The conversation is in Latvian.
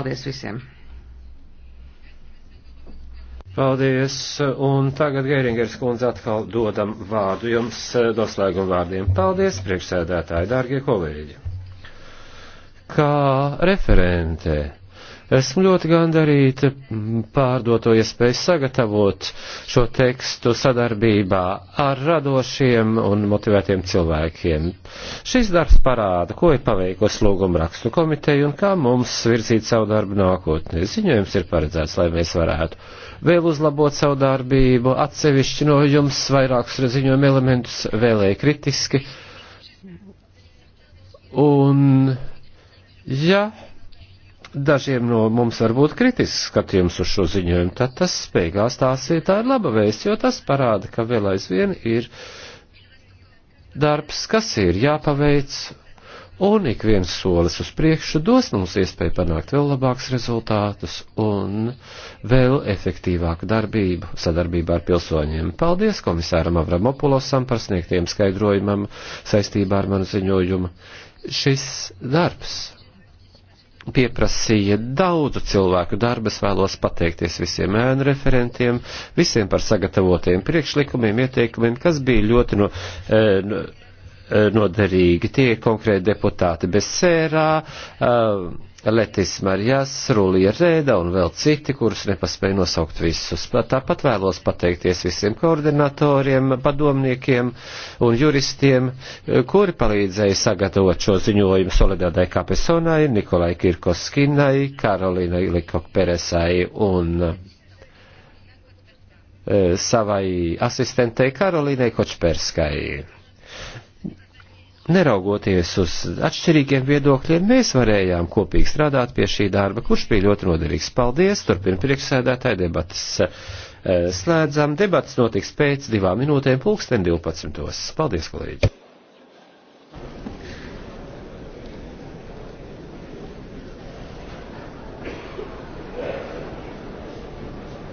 Paldies visiem! Paldies, un tagad Gēringers kundze atkal dodam vārdu jums doslēguma vārdiem. Paldies, priekšsēdētāji, dārgie kolēģi! Kā referente Esmu ļoti gandarīta mm, pārdoto iespēju sagatavot šo tekstu sadarbībā ar radošiem un motivētiem cilvēkiem. Šis darbs parāda, ko ir paveikusi lūguma rakstu komiteja un kā mums virzīt savu darbu nākotnē. Ziņojums ir paredzēts, lai mēs varētu vēl uzlabot savu darbību, atsevišķi no jums vairākus ziņojuma elementus vēlēja kritiski. Un, ja dažiem no mums var būt kritisks skatījums uz šo ziņojumu, tad tas beigās tās ir tā ir laba vēsts, jo tas parāda, ka vēl aizvien ir darbs, kas ir jāpaveic, un ik viens solis uz priekšu dos mums iespēju panākt vēl labāks rezultātus un vēl efektīvāku darbību sadarbībā ar pilsoņiem. Paldies komisāram Avramopulosam par sniegtiem skaidrojumam saistībā ar manu ziņojumu. Šis darbs pieprasīja daudzu cilvēku darbas, vēlos pateikties visiem ēnu referentiem, visiem par sagatavotajiem priekšlikumiem, ieteikumiem, kas bija ļoti no, eh, no noderīgi tie konkrēti deputāti Besērā, eh, Letis Marijas, Rulija Rēda un vēl citi, kurus nepaspēju nosaukt visus. Tāpat vēlos pateikties visiem koordinatoriem, padomniekiem un juristiem, eh, kuri palīdzēja sagatavot šo ziņojumu Soledādai Kapesonai, Nikolai Kirkoskinai, Karolinai Likokperesai un eh, savai asistentei Karolīnai Kočperskai neraugoties uz atšķirīgiem viedokļiem, mēs varējām kopīgi strādāt pie šī darba, kurš bija ļoti noderīgs. Paldies, turpina priekšsēdētāji debatas. Eh, slēdzam, debats notiks pēc divām minūtēm pulksten 12. Paldies, kolēģi!